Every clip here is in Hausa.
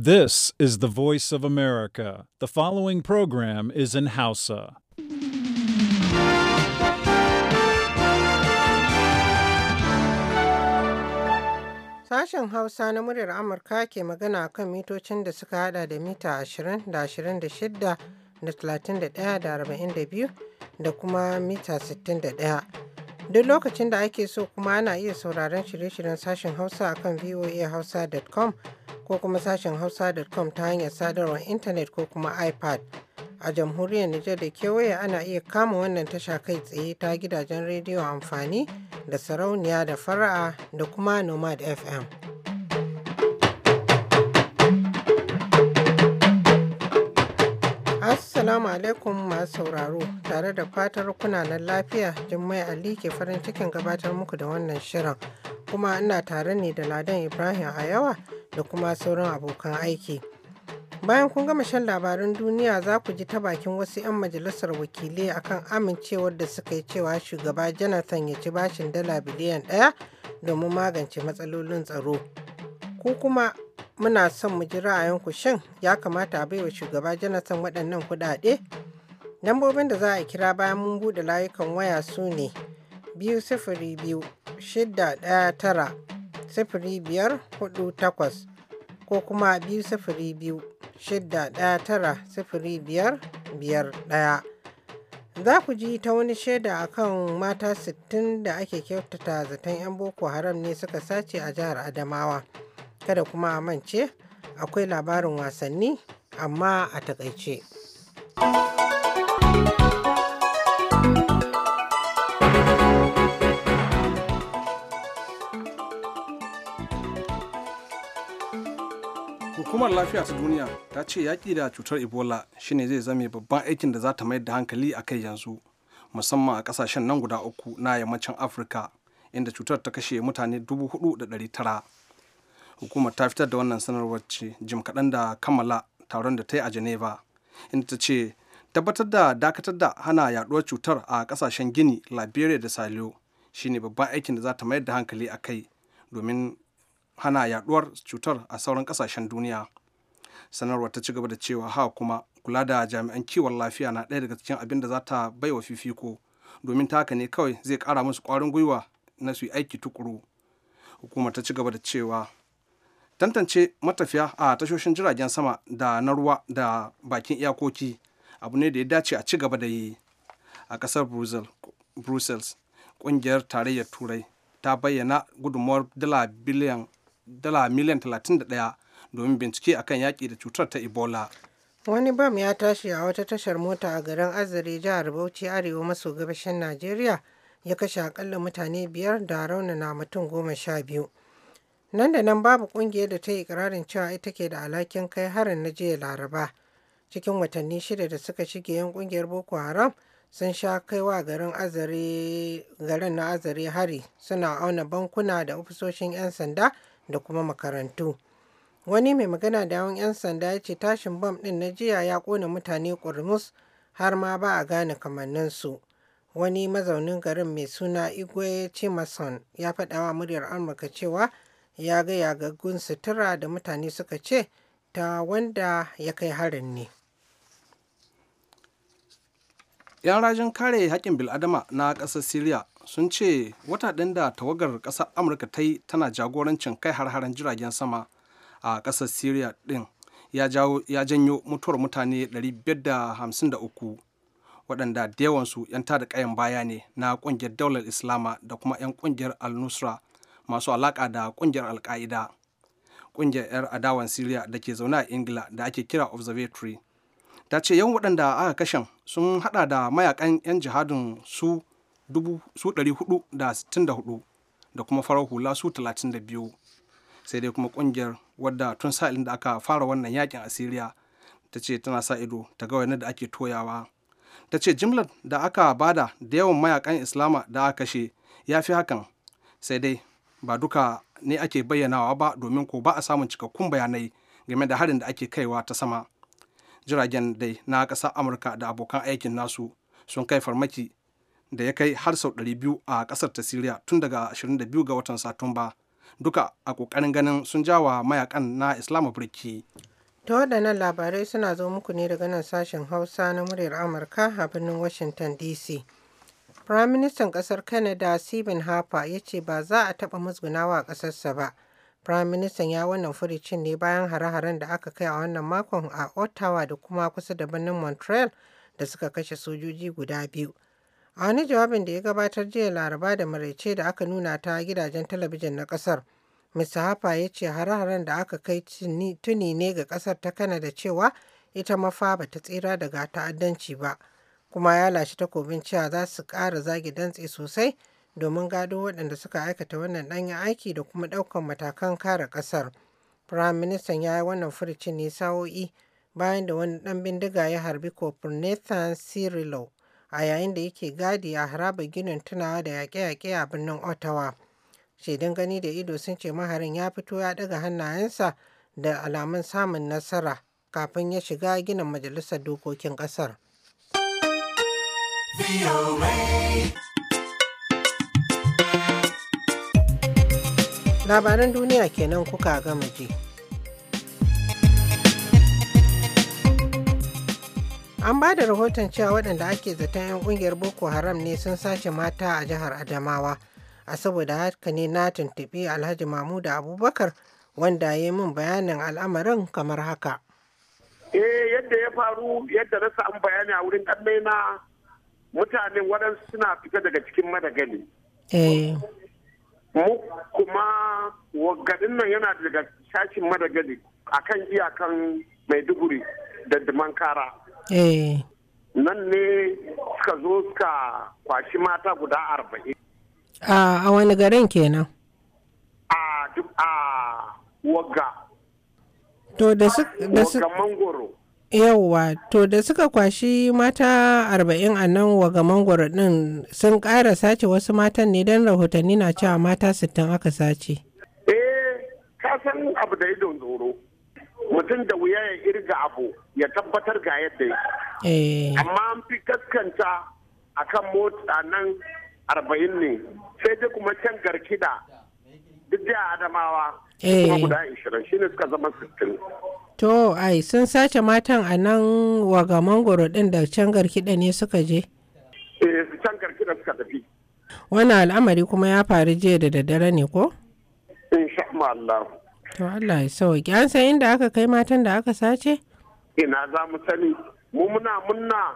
This is the voice of America. The following program is in Hausa. Sashen Hausa na muryar Amurka ke magana kan mitocin da suka hada da mita 20 da 26 da 31 da 42 da kuma mita 61. Duk lokacin da ake so kuma ana iya sauraron shirye-shiryen sashen Hausa a kan voahausa.com ko kuma sashen Hausa.com ta hanyar sadarwar intanet ko kuma iPad. A jamhuriyar Nijar da kewaye ana iya kama wannan tasha kai tsaye ta gidajen rediyo amfani da sarauniya da fara'a da kuma Nomad FM. Assalamu alaikum masu sauraro tare da fatar kuna nan lafiya Jummai Ali ke farin cikin gabatar muku da wannan shirin kuma ina tare ne da Ladan Ibrahim a yawa da kuma sauran abokan aiki. Bayan kun gama shan labarun duniya za ku ji ta bakin wasu 'yan majalisar wakilai akan amincewar da suka yi cewa shugaba Jonathan ya ci bashin dala biliyan ɗaya domin magance matsalolin tsaro. Ku kuma muna son mu ji ra'ayinku shin ya kamata a baiwa shugaba jonathan waɗannan kuɗaɗe lambobin da za a kira bayan mun buɗe layukan waya su ne biyu sifiri biyu shida ɗaya tara sifiri biyar hudu takwas ko kuma biyu sifiri biyu shida ɗaya tara sifiri biyar biyar ɗaya za ku ji ta wani shaida akan mata sittin da ake kyautata zaton 'yan boko haram ne suka sace a jihar adamawa kada kuma a mance akwai labarin wasanni amma a takaice. hukumar lafiya ta duniya ta ce yaƙi da cutar ebola shine zai zame babban aikin da za ta mayar da hankali a kai yanzu musamman a ƙasashen nan guda uku na yammacin afirka inda cutar ta kashe mutane 4,900 hukumar ta fitar da wannan sanarwar ce jim kaɗan da kammala taron da ta yi a geneva inda ta ce tabbatar da dakatar da hana yaduwar cutar a ƙasashen gini liberia da saliyo shine babban aikin da za ta mayar da hankali a kai domin hana yaduwar cutar a sauran ƙasashen duniya sanarwar ta ci gaba da cewa ha kuma kula da jami'an kiwon lafiya na ɗaya daga cikin abin da za ta bai wa fifiko domin ta haka ne kawai zai ƙara musu ƙwarin gwiwa na su aiki tukuru hukumar ta ci gaba da cewa tantance matafiya a tashoshin jiragen sama da na ruwa da bakin iyakoki abu ne da ya dace a ci gaba da yi a kasar brussels kungiyar tarayyar turai ta bayyana gudunmuwar dala miliyan 31 domin bincike akan yaƙi da cutar ta ebola wani bam ya tashi a wata tashar mota a garin azare jihar bauchi arewa maso gabashin najeriya ya kashe akalla mutane biyar da raunana mutum goma sha biyu Nan da nan babu ƙungiyar da ta yi ikirarin cewa ita ke da alhakin kai harin na jiya Laraba. Cikin watanni shida da suka shige 'yan ƙungiyar Boko Haram sun sha kaiwa garin azare garin na azare hari suna auna bankuna da ofisoshin 'yan sanda da kuma makarantu wani mai magana da yawan 'yan sanda ya ce tashin bam din na jiya ya kona mutane kurmus har ma ba a gane kamanninsu wani mazaunin garin mai suna igwe chimason ya faɗawa muryar amurka cewa ya ga yagaggun sutura da mutane suka ce ta wanda ya kai harin ne. 'yan rajin kare haƙƙin bil'adama na ƙasar syria sun ce wata ɗin da tawagar ƙasar amurka ta yi tana jagorancin kai har-haren jiragen sama a ƙasar syria ɗin ya janyo mutuwar mutane 553 waɗanda da yawansu 'yan tada ƙayan baya ne na ƙungiyar daular islama da kuma 'yan ƙungiyar al-nusra masu alaka da kungiyar alka'ida kungiyar 'yar adawan Siriya da ke zaune a ingila da ake kira observatory ta ce yawan waɗanda aka kashen sun hada da mayakan 'yan jihadin su 464 da kuma farar hula su 32 sai dai kuma kungiyar wadda tun sa'ilin da aka fara wannan yakin a syria ta ce tana sa ido ta ga wani da ake toyawa ta ce jimlar da aka bada da yawan mayakan islama da aka kashe ya fi hakan sai dai ba duka ne ake bayyanawa ba domin ko ba a samun cikakkun bayanai game da harin da ake kaiwa ta sama jiragen dai na ƙasar amurka da abokan aikin nasu sun kai farmaki da ya kai har sau 200 a ƙasar ta siriya tun daga 22 ga watan satumba duka a ƙoƙarin ganin sun jawa mayakan na islamu birki ta waɗannan labarai suna zo muku ne daga nan sashen hausa na muryar amurka a birnin washington dc Firaministan ƙasar Canada Stephen Harper ya ce ba za a taɓa musgunawa a ƙasarsa ba. Firaministan ya wannan furicin ne bayan hare-haren da aka kai a wannan makon a Ottawa da kuma kusa da birnin Montreal da suka kashe sojoji guda biyu. A wani jawabin da ya gabatar jiya Laraba da maraice da aka nuna ta gidajen talabijin na ƙasar, Mr. Harper ya ce hare-haren da aka kai tuni ne ga ƙasar ta Canada cewa ita mafa ba ta tsira daga ta'addanci ba. kuma ya lashe takobin cewa za su ƙara zagi dantse sosai domin gado waɗanda suka aikata wannan ɗanyen aiki da kuma ɗaukan matakan kare ƙasar. Firaministan ya yi wannan furucin ne sa'o'i bayan da wani ɗan bindiga ya harbi kofin Nathan Cirillo a yayin da yake gadi a haraba ginin tunawa da yaƙe-yaƙe a birnin Ottawa. Shaidun gani da ido sun ce maharin ya fito ya ɗaga hannayensa da alamun samun nasara kafin ya shiga ginin majalisar dokokin ƙasar. Labaran duniya kenan kuka gama ji. An ba da rahoton cewa waɗanda ake zaton 'yan ƙungiyar Boko Haram ne sun sace mata a jihar Adamawa. A saboda haka ne na tuntuɓi Alhaji mamuda Abubakar wanda ya yi min bayanin al'amarin kamar haka. Eh yadda ya faru yadda na samu bayani a wurin ɗan na mutane waɗansu suna fita daga cikin madagali eh. mu kuma garin nan yana daga sashin madagali a kan iyakan maiduguri da dimankara eh. nan ne suka zo suka kwashi mata guda arba'in a wani garin kenan a duk a wagga to da su da mangoro yawwa to da suka kwashi mata arba'in a nan waga mangoro din sun kara sace wasu matan ne don rahotanni na cewa mata sittin aka sace eh ka san abu da idon tsoro mutum da wuya ya irga abu ya tabbatar ga yadda ya eh. amma an fi kaskanta kan mota nan arba'in ne sai dai kuma can garkida duk da adamawa eh. kuma guda ashirin shine suka zama sittin To, ai, sun sace matan a nan ga mangoro ɗin da can garkiɗa ne suka je? Eh, can garkiɗa suka tafi. Wani al'amari kuma ya faru jiya da daddare ne ko? Insha Allah. To Allah ya sauki. An san inda aka kai matan da aka sace? Ina za mu sani. Mu muna munna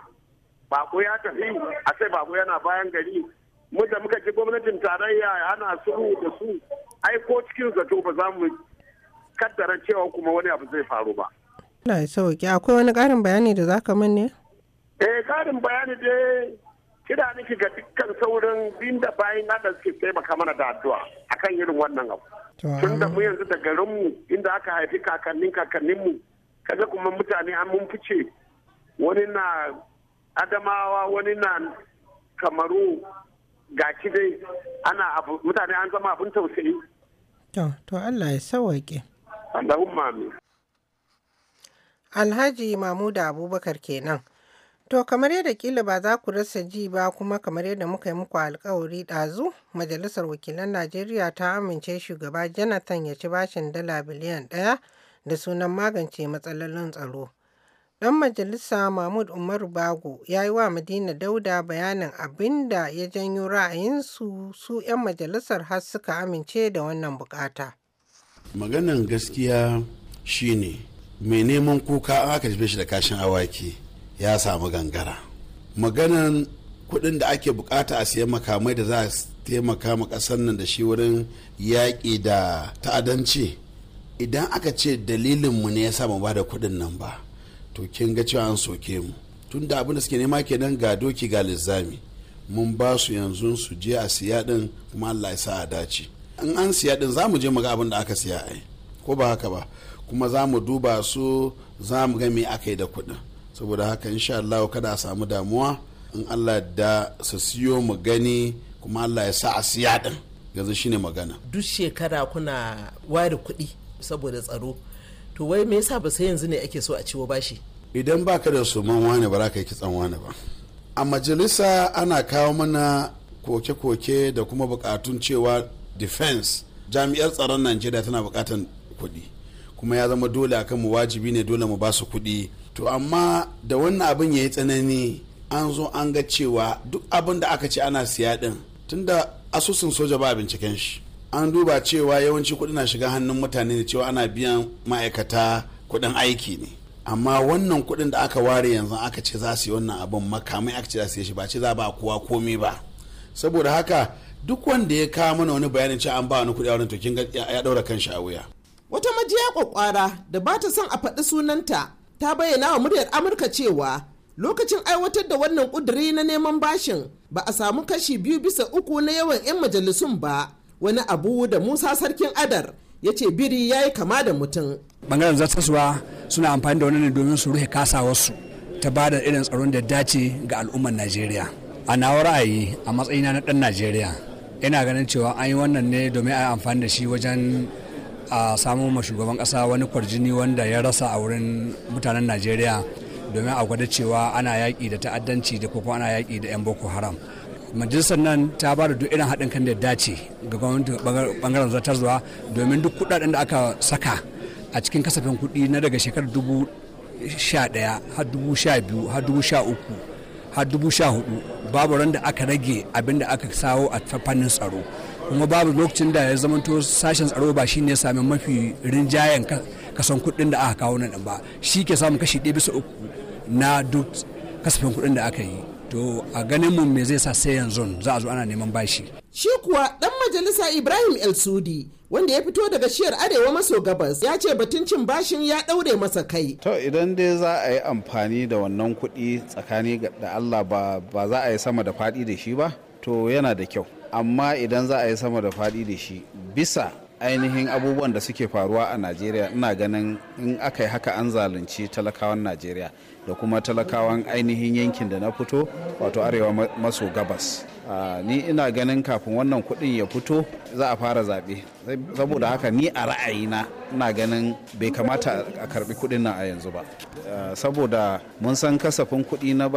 bako ya tafi a sai bako yana bayan gari. Mu da muka ji gwamnatin tarayya ana sulhu da su. Ai ko cikin zato ba za mu kaddara cewa kuma wani abu zai faru ba. Allah ya sauki akwai wani ƙarin bayani da za ka min ne? Eh ƙarin bayani dai kira niki ga dukkan saurin binda bayan nan da suke taimaka mana da addu'a akan irin wannan abu. Tun da mu yanzu da garinmu inda aka haifi kakannin kakanninmu kaga kuma mutane an mun fice wani na adamawa wani na kamaru gashi dai ana abu mutane an zama abun tausayi. To, to Allah ya sawaƙe. Alhaji Mamuda Abubakar kenan. To kamar yadda kila ba za ku rasa ji ba kuma kamar yadda muka yi muku alkawari ɗazu, Majalisar Wakilan Najeriya ta amince shugaba Jonathan ya ci bashin dala biliyan ɗaya da sunan magance matsalolin tsaro. Ɗan majalisa Mahmud Umaru Bago ya yi wa Madina Dauda bayanin abin da ya janyo ra'ayinsu su 'yan majalisar har suka amince da wannan bukata. maganan gaskiya shine mai neman kuka an aka jefe shi da kashin awaki ya samu gangara maganan kuɗin da ake bukata a siyan makamai da za a taimaka ma ƙasar nan da shi wurin yaƙi da ta'adanci idan aka ce dalilinmu ne ya sa mu ba da kuɗin nan ba to kin ga cewa an soke mu tun da abin da suke nema kenan ga doki ga lizzami mun ba su yanzu su je a siya din kuma Allah ya sa a dace in an siya din za mu je mu ga abin da aka siya ai ko ba haka ba kuma za mu duba su za mu ga me aka yi da kuɗin saboda haka insha Allah kada a samu damuwa in Allah da su siyo mu gani kuma Allah ya sa a siya din yanzu shine magana duk shekara kuna ware kuɗi saboda tsaro to wai me yasa ba sai yanzu ne ake so a ciwo bashi idan baka da man wani ba za ka yi kitsan wane ba a majalisa ana kawo mana koke-koke da kuma bukatun cewa defense jami'ar tsaron najeriya tana bukatan kuɗi kuma ya zama dole akan mu wajibi ne dole mu basu su kuɗi to amma da wannan abin ya yi tsanani an zo an ga cewa duk abin da aka ce ana siya din tunda asusun soja ba binciken shi an duba cewa yawanci kuɗi na shiga hannun mutane da cewa ana biyan ma'aikata kuɗin aiki ne amma wannan kuɗin da aka ware yanzu aka ce za su yi wannan abin makamai aka ce za su yi shi ba ce za ba kowa komai ba saboda haka duk wanda ya kawo mana wani bayanin cewa an ba wani kuɗi a wurin tokin ya ɗaura kan a wuya. Wata majiya kwakwara da ba ta son a faɗi sunanta ta bayyana wa muryar Amurka cewa lokacin aiwatar da wannan ƙuduri na neman bashin ba a samu kashi biyu bisa uku na yawan 'yan majalisun ba wani abu da Musa Sarkin Adar ya ce biri ya yi kama da mutum. Bangaren zartaswa suna amfani da wani ne domin su rufe kasawarsu ta ba da irin tsaron da dace ga al'ummar Najeriya. A nawa ra'ayi a matsayina na ɗan Najeriya ina ganin cewa an yi wannan ne domin a yi amfani da shi wajen a samu ma shugaban kasa wani kwarjini wanda ya rasa a wurin mutanen najeriya domin a gwada cewa ana yaƙi da ta'addanci da kuma ana yaƙi da 'yan boko haram majalisar nan ta ba da duk irin haɗin kan da dace ga gwamnati bangaren zartarwa domin duk kuɗaɗen da aka saka a cikin kasafin kuɗi na daga shekarar dubu sha ɗaya har dubu sha biyu har dubu sha uku har dubu sha hudu babu ran da aka rage abin da aka sawo a fannin tsaro kuma babu lokacin da ya zamanto sashen tsaro ba shi ne sami mafi rinjayen kasan kuɗin da aka kawo nan ba shi ke samun kashi ɗaya bisa uku na duk kasafin kuɗin da aka yi to a ganin mu me zai sa sai yanzu za a zo ana neman bashi shi kuwa ɗan majalisa ibrahim el sudi wanda ya fito daga shiyar arewa maso gabas ya ce batun cin bashin ya ɗaure masa kai. To idan dai za a yi amfani da wannan kuɗi tsakani da Allah ba za a yi sama da faɗi da shi ba to yana da kyau. Amma idan za a yi sama da faɗi da shi bisa ainihin abubuwan da suke faruwa a Najeriya ina ganin in aka yi haka an zalunci talakawan Najeriya. da kuma talakawan ainihin yankin da na fito wato arewa maso gabas ni ina ganin kafin wannan kudin ya fito za a fara zaɓe saboda haka ni a ra'ayina ina ganin bai kamata a karɓi kudin nan a yanzu ba saboda mun san kasafin kuɗi na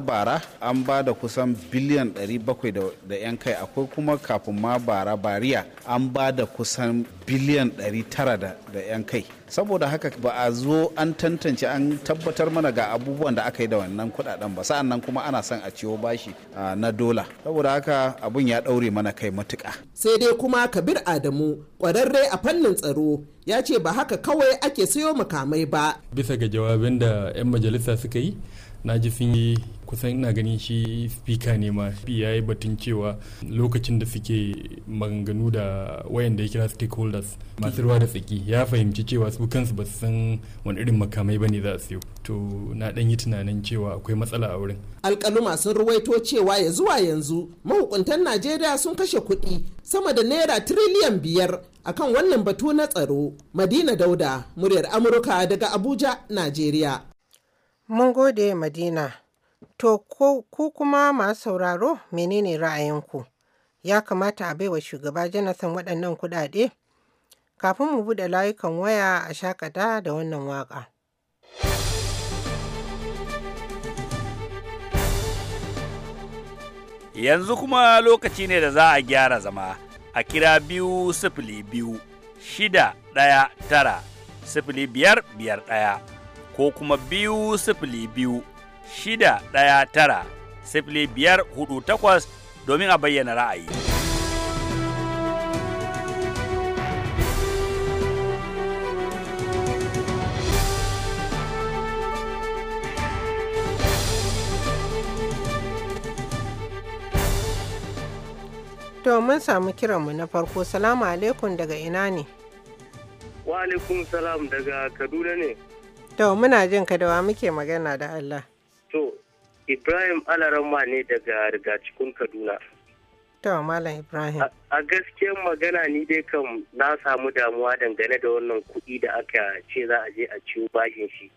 bara an ba da kusan biliyan 700 da 'yan kai akwai kuma kafin ma bara bariya an ba da kusan biliyan 900 da 'yan kai saboda haka ba a zo an tantance an tabbatar mana ga abubuwan da aka yi da wannan kudaden ba sa'an nan kuma ana son a ciwo bashi na dola saboda haka abun ya daure mana kai matuka sai dai kuma kabir adamu kwararre a fannin tsaro ya ce ba haka kawai ake sayo makamai ba bisa ga jawabin da 'yan majalisa suka yi na ji sun yi kusan ina ganin shi speaker ne ma ya yi batun cewa lokacin da suke maganganu da wayanda ya kira stakeholders masu ruwa da tsaki ya fahimci cewa su kansu ba su san wani irin makamai bane za su yi to na dan yi tunanin cewa akwai matsala a wurin alkaluma sun ruwaito cewa ya zuwa yanzu mahukuntan najeriya sun kashe kuɗi sama da naira tiriliyan biyar akan wannan batu na tsaro madina dauda muryar amurka daga abuja najeriya mun gode madina To ku kuma masu sauraro menene ra'ayinku? Ya kamata a baiwa shugaba Jonathan waɗannan kuɗaɗe? Kafin mu buɗe layukan waya a shakata da wannan waƙa. Yanzu kuma lokaci ne da za a gyara zama a kira biyu sifili biyu shida ɗaya tara sifili biyar biyar ɗaya ko kuma biyu sifili biyu shida ɗaya tara sifili biyar hudu takwas domin a bayyana ra'ayi. To mun samu kiranmu na farko salamu alaikum daga ina ne? Wa alaikum salam daga Kaduna ne. To muna jin ka da wa muke magana da Allah. To, Ibrahim alarama ne daga rigacikun Kaduna. To, Malam Ibrahim. A gaskiyar magana ni dai kan na samu damuwa dangane da wannan kuɗi da aka ce za a je a ciwo bashin shi.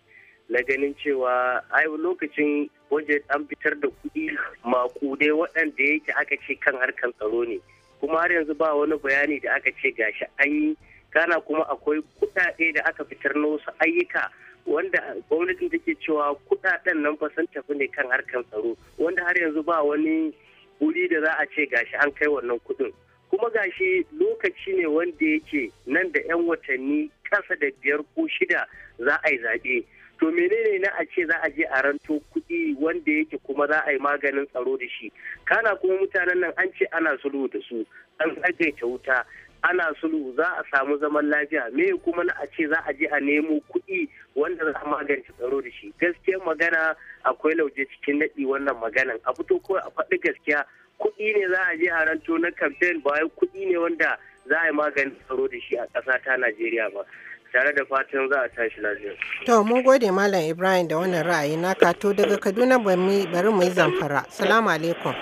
Na ganin cewa ai lokacin waje an fitar da kuɗi makude waɗanda yake aka ce kan harkar tsaro ne. Kuma har yanzu ba wani bayani da aka ce gashi an yi. Kana kuma akwai kuɗaɗe da aka fitar na wasu ayyuka wanda gwamnatin take cewa kudaden nan fa sun tafi ne kan harkar tsaro wanda har yanzu ba wani wuri da za a ce gashi an kai wannan kudin kuma gashi lokaci ne wanda yake nan da 'yan watanni kasa da biyar ko shida za a yi zaɓe to menene na a ce za a je a ranto kuɗi wanda yake kuma za a yi maganin tsaro da shi kana kuma mutanen nan an ce ana sulhu da su an tsagaita wuta ana sulhu za a samu zaman lafiya me kuma na a ce za a je a nemo kuɗi wanda za a magance tsaro da shi gaskiya magana akwai lauje cikin daɗi wannan maganan a fito ko a faɗi gaskiya kuɗi ne za a je a ranto na kamfen ba wai kuɗi ne wanda za a yi maganin tsaro da shi a ƙasa ta najeriya ba tare da fatan za a tashi lafiya. to mun gode malam ibrahim da wannan ra'ayi na kato daga kaduna bari mu yi zamfara salamu alaikum.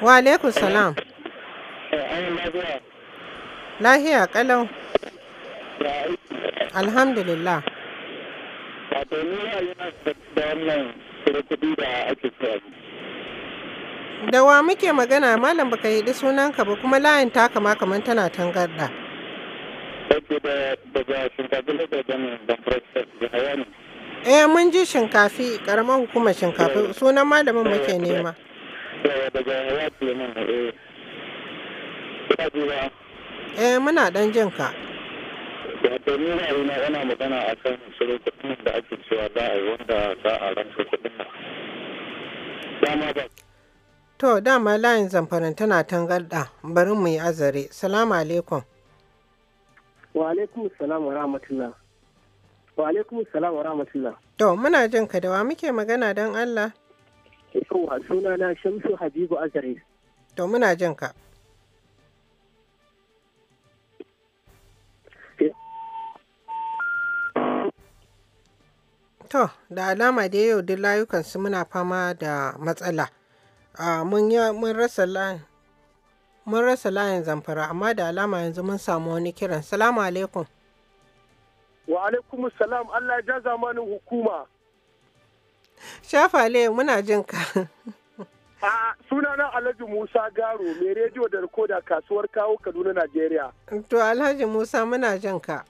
Wa alaikun salam. Lahiya kalau. Alhamdulillah. da da wa muke magana malam baka yi sunanka ba kuma layin ta kama kamar tana tangarda. Eh mun ji shinkafi karamar hukumar shinkafi sunan malamin muke nema. Yawa eh, daga ya Suleiman eh. Ina jira. Eh muna dan jin ka. Wato ni ba ina yana magana a kan shirin kuɗin da ake cewa za a yi wanda za a rantsa kuɗin nan. Dama ba. To dama layin zamfarin tana tangarɗa bari mu yi azare. Salamu alaikum. Wa alaikum salam wa rahmatullah. Wa alaikum salam wa rahmatullah. To muna jin ka da wa muke magana don Allah? Yawwa suna na Shamsu Habibu Azare. To muna jin ka. To, da alama da yau duk layukansu muna fama da matsala. Mun rasa layin mun rasa layin zamfara amma da alama yanzu mun samu wani kiran salamu alaikum wa alaikum salam allah ja zamanin hukuma le muna jin ka. A sunana Alhaji Musa Garo mai rediyo da rikoda kasuwar kawo Kaduna Najeriya. To Alhaji Musa muna jin ka.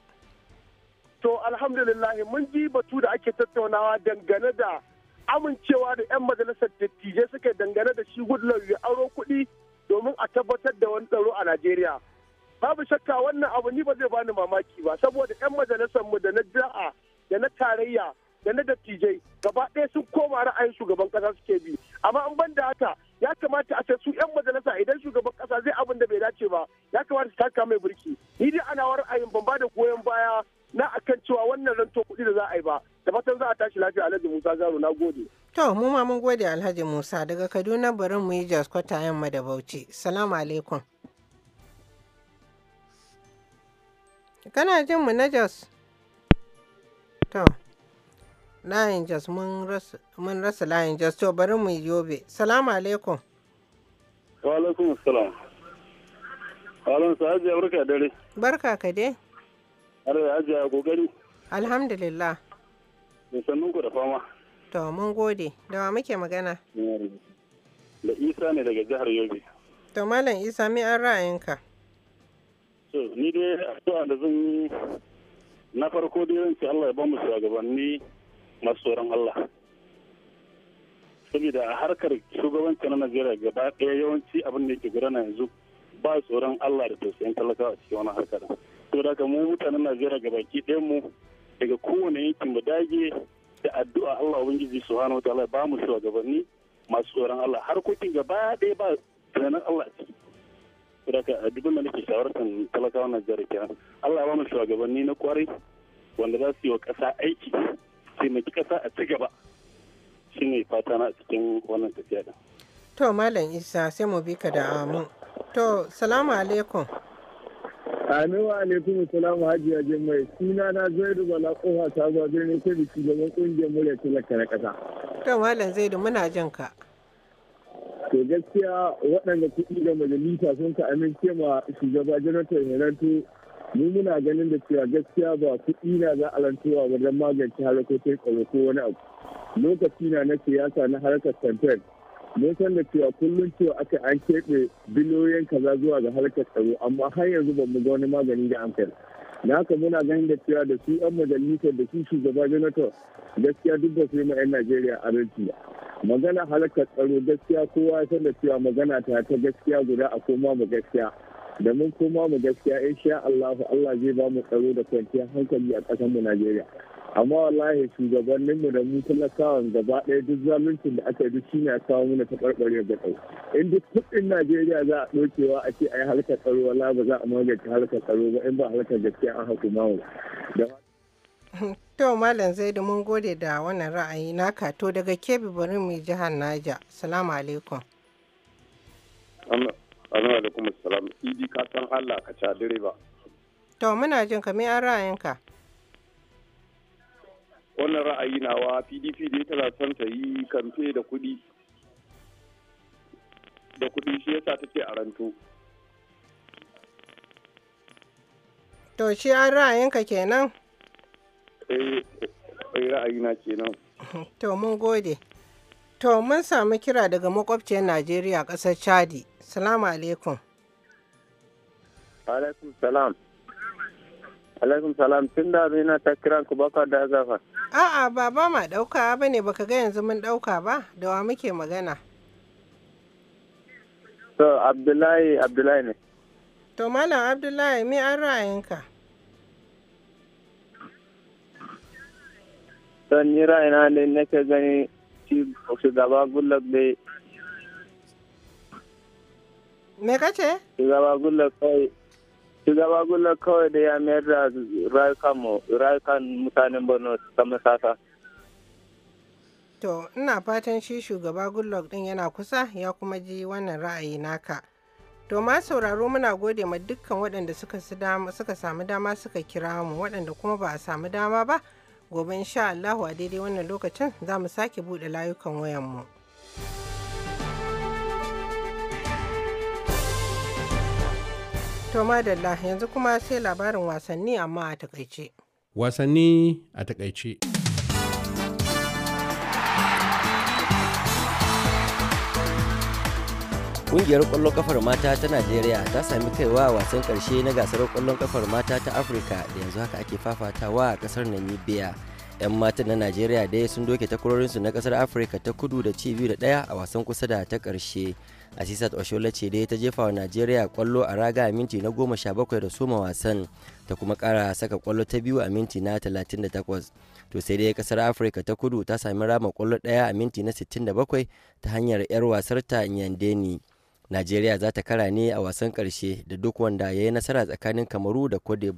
To alhamdulillah mun ji batu da ake tattaunawa dangane da amincewa da 'yan majalisar dattijai suke dangane da shi gudunar ya aro kuɗi domin a tabbatar da wani tsaro a Najeriya. Babu shakka wannan abu ni ba zai bani mamaki ba saboda 'yan majalisar mu da na jira'a da na tarayya da na dattijai gaba ɗaya sun koma ra'ayin shugaban ƙasa suke bi amma an ban da haka ya kamata a su 'yan majalisa idan shugaban ƙasa zai abin da bai dace ba ya kamata su taka mai burki ni dai ana war ra'ayin ban ba da goyon baya na akan cewa wannan ranto kuɗi da za a yi ba da fatan za a tashi lafiya alhaji musa zaro na gode. to mu ma mun gode alhaji musa daga kaduna bari mu yi jaskwata yamma da bauchi salamu alaikum. kana jin mu na jos. to layin jas mun rasa layin jas to bari mu yobe salamu alaikum wa alaikum salam alon sa hajiya barka dare barka ka dai are hajiya gogari alhamdulillah da sannun ku da fama to mun gode da wa muke magana da isa ne daga jihar yobe to malam isa mai an ra'ayinka to ni dai addu'a da zan yi na farko dai zan ci Allah ya ba mu shugabanni masu tsoron Allah. Saboda a harkar shugabanci na Najeriya gaba ɗaya yawanci abin da yake gudana yanzu ba tsoron Allah da tausayin talakawa cikin wani harkar. Saboda haka mu mutanen Najeriya gabaki ɗayan mu daga kowane yanki mu dage da addu'a Allah Ubangiji Subhanahu wa ta'ala ba mu gabanni masu tsoron Allah harkokin gaba ɗaya ba tunanin Allah ciki. Saboda a dubin da nake shawartar talakawa Najeriya kenan Allah ba mu shugabanni na kwarai wanda za su yi wa ƙasa aiki taimaki ƙasa a ci gaba shi ne fata na cikin wannan tafiya ɗin. to malam isa sai mu bi ka da amu. to salamu alaikum Amin wa alaikum salamu hajiya jimai suna na duba na kofa sabuwa birnin da shugaban kungiyar murya talaka na kasa. To malam zaidu muna jin ka. To gaskiya waɗanda kuɗi da majalisa sun ka amince ma shugaba Jonathan ta. mu muna ganin da cewa gaskiya ba kuɗi na za a rantowa wajen magance harkokin tsaro ko wani abu lokaci na na siyasa na harkar campaign ne san da cewa kullum cewa aka an keɓe biliyoyin kaza zuwa ga harkar tsaro amma har yanzu ba mu ga wani magani da amfani naka na haka muna ganin da cewa da su yan majalisa da su shugaba janitor gaskiya duk ba su yi ma 'yan najeriya adalci magana harkar tsaro gaskiya kowa ya san da cewa magana ta ta gaskiya guda a koma mu gaskiya da mun koma mu gaskiya insha Allah Allah zai ba mu tsaro da kwanciyar hankali a ƙasar mu Najeriya amma wallahi shugabannin mu da mu talakawan gaba ɗaya duk zaluncin da aka yi duk shine ya kawo mana ta barbare ga tsaro in duk kudin Najeriya za a dokewa a ce a yi tsaro wallahi ba za a magance harkar tsaro ba in ba harkar gaskiya an hukuma mu To Malam Zaidu mun gode da wannan ra'ayi naka to daga Kebbi bari mu jihar Naija. assalamu alaikum. Assalamu alaikum assalam. Idi ka san Allah ka ca direba. To muna jin ka me an ra'ayinka? Wannan ra'ayi nawa PDP dai tana son ta yi kamfe da kuɗi. Da kuɗi shi yasa ce a ranto. To shi an ra'ayinka kenan? Eh, eh na kenan. To mun gode. To mun samu kira daga makwabciyar Najeriya ƙasar Chadi. Salamu alaikum. Alaikum salam. Alaikum salam tun da na ta kiran ku baka da gafa. A'a ba ba ma dauka ba ne baka ga yanzu mun dauka ba da wa muke magana. To Abdullahi Abdullahi ne. To Malam Abdullahi me an ra'ayinka? To ni ra'ayina ne nake gani shugaba Goodluck dai Me kace? Shugaba kawai shugaba Gullar kawai da ya mayar da rayukan mutanen Borno ta sasa. To, ina fatan shi shugaba Goodluck din yana kusa ya kuma ji wannan ra'ayi naka. To ma sauraro muna gode ma dukkan waɗanda suka samu dama suka kira mu waɗanda kuma ba a samu dama ba gobe insha Allahu a daidai wannan lokacin za mu sake buɗe layukan wayanmu. mu. To madalla yanzu kuma sai labarin wasanni amma a takaice. Wasanni a takaice. Ƙungiyar ƙwallon kafar mata ta Najeriya ta sami kaiwa wasan ƙarshe na gasar kwallon kafar mata ta Afirka da yanzu haka ake fafatawa a ƙasar Namibia. 'Yan matan na Najeriya dai sun doke takwarorinsu na ƙasar Afirka ta kudu da ci biyu da ɗaya a wasan kusa da ta ƙarshe. asisat oshola ce dai ta jefa wa najeriya kwallo a raga a minti na goma sha bakwai da soma wasan ta kuma kara saka kwallo ta biyu a minti na 38 to sai dai kasar afirka ta kudu ta sami rama kwallo daya a minti na 67 ta hanyar yar wasarta nyandeni najeriya za ta kara ne a wasan karshe da duk wanda ya yi nasara tsakanin kamaru da cote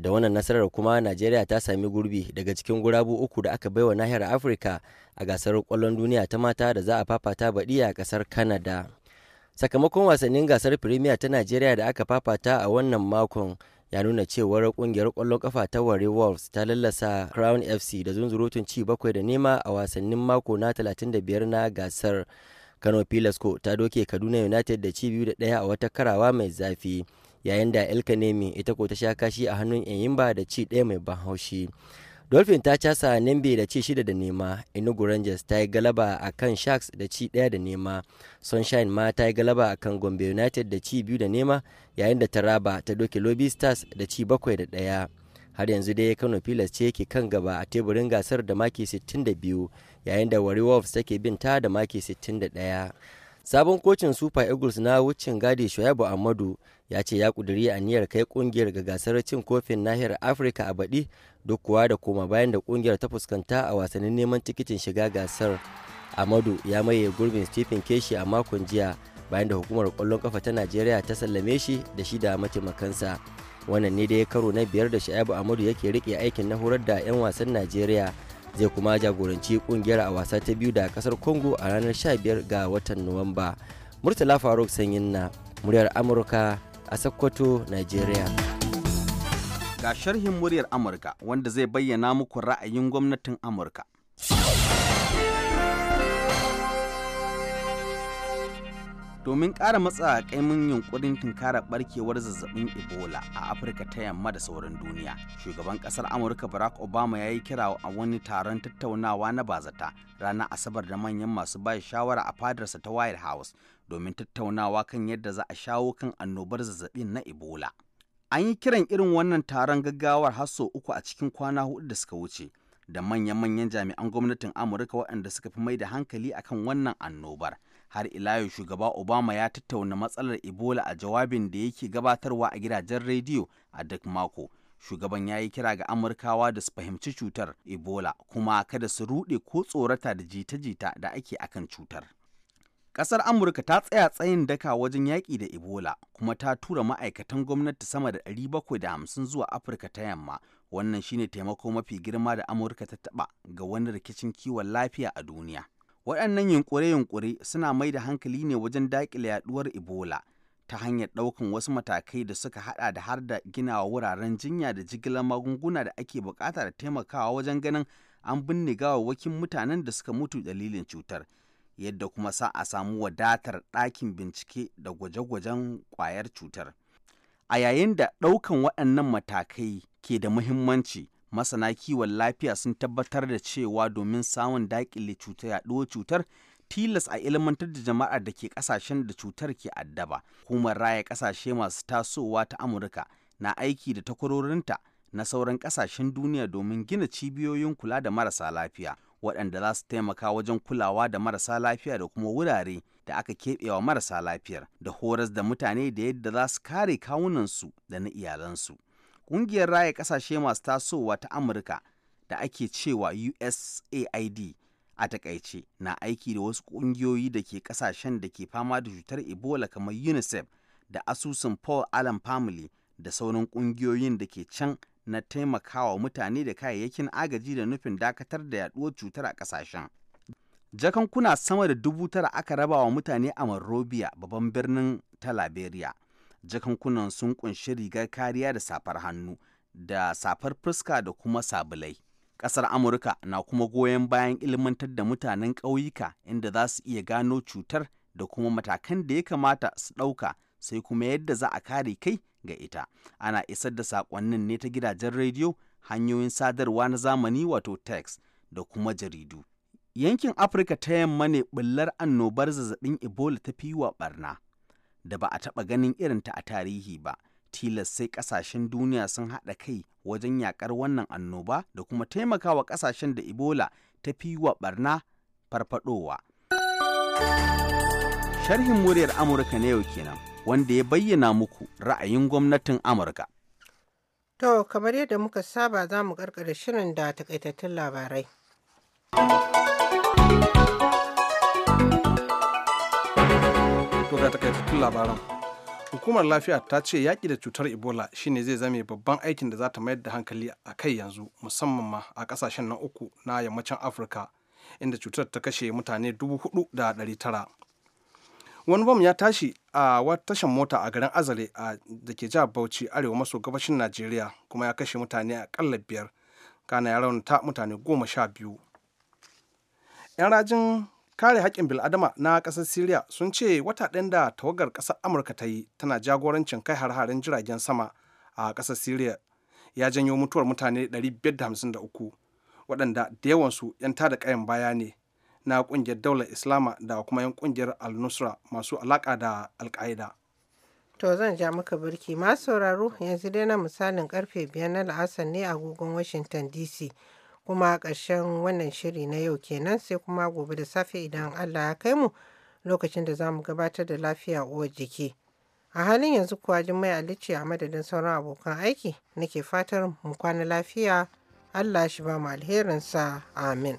da wannan nasarar kuma najeriya ta sami gurbi daga cikin gurabu uku da aka baiwa nahiyar afirka a gasar kwallon duniya ta mata da za a fafata baɗi a ƙasar Kanada. sakamakon wasannin gasar firimiya ta najeriya da aka fafata a wannan makon ya nuna cewar kungiyar kwallon kafa ta ware wolves ta lallasa crown fc da zunzurutun ci bakwai da nema a wasannin mako na 35 na gasar kano pilasco ta doke kaduna united da ci biyu da ɗaya a wata karawa mai zafi yayin da elka nemi ita ko ta sha kashi a hannun enyimba da ci ɗaya mai ban haushi dolphin ta casa nembe da ci shida da nema enugu rangers ta yi galaba a kan sharks da ci ɗaya da nema sunshine ma ta yi galaba a kan gombe united da ci biyu da nema yayin da taraba ta doke lobby stars da ci bakwai da ɗaya har yanzu dai kano pilas ce ke kan gaba a teburin gasar da maki 62 yayin da wari wolves take bin ta da maki 61 sabon kocin super eagles na wucin gadi shoyabu amadu ya ce ya kuduri aniyar kai kungiyar ga gasar cin kofin nahiyar afirka a baɗi duk kuwa da koma bayan da kungiyar ta fuskanta a wasannin neman tikitin shiga gasar amadu ya maye gurbin stephen keshi a makon jiya bayan da hukumar kwallon kafa ta najeriya ta sallame shi da shi da mataimakansa wannan ne dai karo na biyar da shaibu amadu yake rike aikin na horar da 'yan wasan najeriya zai kuma jagoranci kungiyar a wasa ta biyu da kasar congo a ranar 15 ga watan nuwamba murtala faruk sanyin na muryar amurka a sokoto nigeria ga sharhin muryar amurka wanda zai bayyana muku ra'ayin gwamnatin amurka domin ƙara matsa ƙaimin yunkurin tunkara barkewar zazzabin ebola a afirka ta yamma da sauran duniya shugaban ƙasar amurka barack obama ya yi kira a wani taron tattaunawa na bazata ranar asabar da manyan masu ba shawara a fadarsa ta white house domin tattaunawa kan yadda za a shawo kan annobar zazzabin na ebola an yi kiran irin wannan taron gaggawar har sau uku a cikin kwana hudu da suka wuce da manya manyan jami'an gwamnatin amurka waɗanda suka fi mai da hankali akan wannan annobar har ila yau shugaba obama ya tattauna matsalar ebola a jawabin da yake gabatarwa a gidajen rediyo a duk mako shugaban ya yi kira ga amurkawa da su fahimci cutar ebola kuma kada su rude ko tsorata da jita-jita da ake akan cutar ƙasar amurka ta tsaya tsayin daka wajen yaƙi da ebola kuma ta tura ma'aikatan gwamnati sama da 750 zuwa afirka ta yamma wannan shine taimako mafi girma da amurka ta taɓa ga wani rikicin kiwon lafiya a duniya Waɗannan yunƙure-yunƙure suna mai da hankali ne wajen daƙile yaɗuwar Ebola ta hanyar ɗaukan wasu matakai da suka haɗa da har da ginawa wuraren jinya da jigilar magunguna da ake buƙata da taimakawa wajen ganin an binne gawawwakin mutanen da suka mutu dalilin cutar. yadda kuma sa a samu wadatar ɗakin bincike da gwaje-gwajen ƙwayar cutar. A yayin da ɗaukan waɗannan matakai ke da muhimmanci, masana kiwon lafiya sun tabbatar da cewa domin samun dakile cutar yaduwar cutar tilas a ilmantar da jama'a da ke ƙasashen da cutar ke addaba hukumar raya ƙasashe masu tasowa ta amurka na aiki da takwarorinta na sauran ƙasashen duniya domin gina cibiyoyin kula da marasa lafiya waɗanda za su taimaka wajen kulawa da marasa lafiya da kuma wurare da aka keɓewa marasa lafiyar da horas da mutane da yadda za su kare kawunansu da na iyalansu ƙungiyar raya ƙasashe masu tasowa ta amurka da ake cewa usaid a takaice na aiki da wasu ƙungiyoyi da ke ƙasashen da ke fama da cutar ebola kamar unicef da asusun paul allen family da sauran ƙungiyoyin da ke can na taimakawa mutane da kayayyakin agaji da nufin dakatar da yaduwar cutar a ƙasashen jakankuna sama da dubu tara aka raba wa mutane a monrovia babban birnin ta liberia jakankunan sun kunshi rigar kariya da safar hannu da safar fuska da kuma sabulai ƙasar amurka na kuma goyon bayan ilmantar da mutanen ƙauyuka inda za su iya gano cutar da kuma matakan da ya kamata su ɗauka sai kuma yadda za a kare kai ga ita ana isar da saƙonnin ne ta gidajen rediyo hanyoyin sadarwa na zamani wato text da kuma jaridu yankin afirka ta yamma ne ɓullar annobar zazzabin ebola ta fi wa ɓarna da ba a taɓa ganin irinta a tarihi ba tilas sai ƙasashen duniya sun haɗa kai wajen yaƙar wannan annoba da kuma taimakawa ƙasashen da ebola ta fi wa barna farfadowa sharhin muryar amurka na yau kenan wanda ya bayyana muku ra'ayin gwamnatin amurka to kamar yadda muka saba za mu karkare shirin da takaitattun labarai ta kai takaitattun labaran. Hukumar lafiya ta ce yaƙi da cutar Ebola shine zai zame babban aikin da za ta mayar da hankali a kai yanzu musamman ma a ƙasashen na uku na yammacin Afirka inda cutar ta kashe mutane dubu hudu da ɗari tara. Wani bam ya tashi a wata tashan mota a garin Azare da ke jihar Bauchi arewa maso gabashin Najeriya kuma ya kashe mutane aƙalla biyar kana ya raunta mutane goma sha biyu. 'Yan rajin kare haƙƙin bil'adama na ƙasar siriya sun ce wata ɗin da tawagar ƙasar amurka ta yi tana jagorancin kai har harin jiragen sama a ƙasar siriya ya janyo mutuwar mutane 553 waɗanda da yawansu 'yan tada ƙayan baya ne na ƙungiyar daular islama da kuma 'yan ƙungiyar al-nusra masu alaƙa da al to zan ja maka birki masu sauraro yanzu dai na misalin karfe biyar na la'asar ne a agogon washington dc kuma ƙarshen wannan shiri na yau kenan sai kuma gobe da safe idan Allah ya kai mu lokacin da za mu gabatar da lafiya uwar jiki. A halin yanzu kuwa Jummai Alice a madadin sauran abokan aiki nake fatar mu kwana lafiya Allah shi ba mu alherinsa amin.